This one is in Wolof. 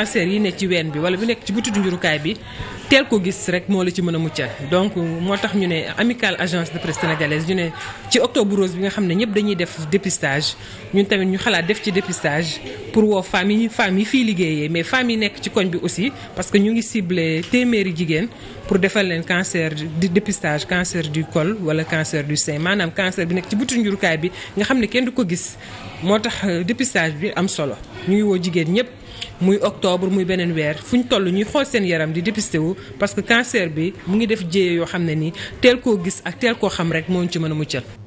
cancer yi nekk ci ween bi wala bu nekk ci butitu njurukaay bi teel ko gis rek moo la ci mën a donc moo tax ñu ne amicale agence de presse sénégalaise ñu ne ci octobre rose bi nga xam ne ñëpp dañuy def dépistage ñun tamit ñu xalaat def ci dépistage pour woo femmes yi femmes yi fii liggéeyee mais femmes yi nekk ci koñ bi aussi parce que ñu ngi ciblé téeméeri jigéen pour defal leen cancer di dépistage cancer du col wala cancer du sein maanaam cancer bi nekk ci butu njurukaay bi nga xam ne kenn du ko gis moo tax euh, dépistage bi am solo ñu ngi woo jigéen ñëpp muy octobre muy beneen weer fu ñu toll ñuy xool seen yaram di dépisté wu parce que cancer bi mu ngi def jéye yoo xam ne nii teel koo gis ak teel koo xam rek moo ñu ci mën a muccal